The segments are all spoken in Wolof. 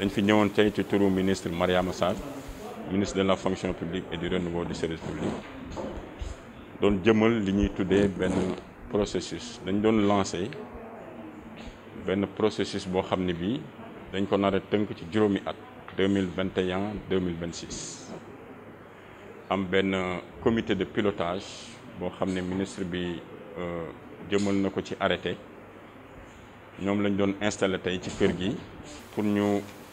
dañ fi ñëwoon tey ci turu ministre Mariama Sarr ministre de la fonction publique et du renouveau du service public doon jëmal li ñuy tuddee benn processus dañ doon lancé benn processus boo xam ne bii dañ ko nar a tënk ci juróomi at deux mille am benn comité de pilotage boo xam ne ministre bi euh, jëmal na ko ci arrêté ñoom lañ doon installé tey ci kër gi pour ñu.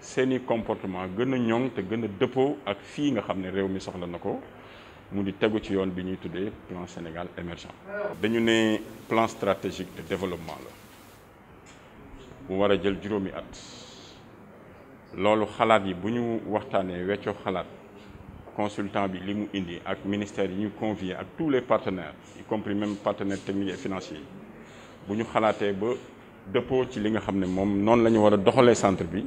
seni comportement gëna ñong ñoŋ te gën a ak fi nga xamné réew mi soxla nako mu di tegu ci yoon bi ñuy tuddé plan Sénégal émergent dañu né plan stratégique de développement la mu wara jël juroomi at loolu xalaat yi buñu waxtané wéccu xalaat consultant bi li mu indi ak ministère yi ñu convier ak tous les partenaires y compris même partenaires techniques et financiers buñu xalaté ba dëppoo ci li nga xamné mom non lañu wara doxalé centre bi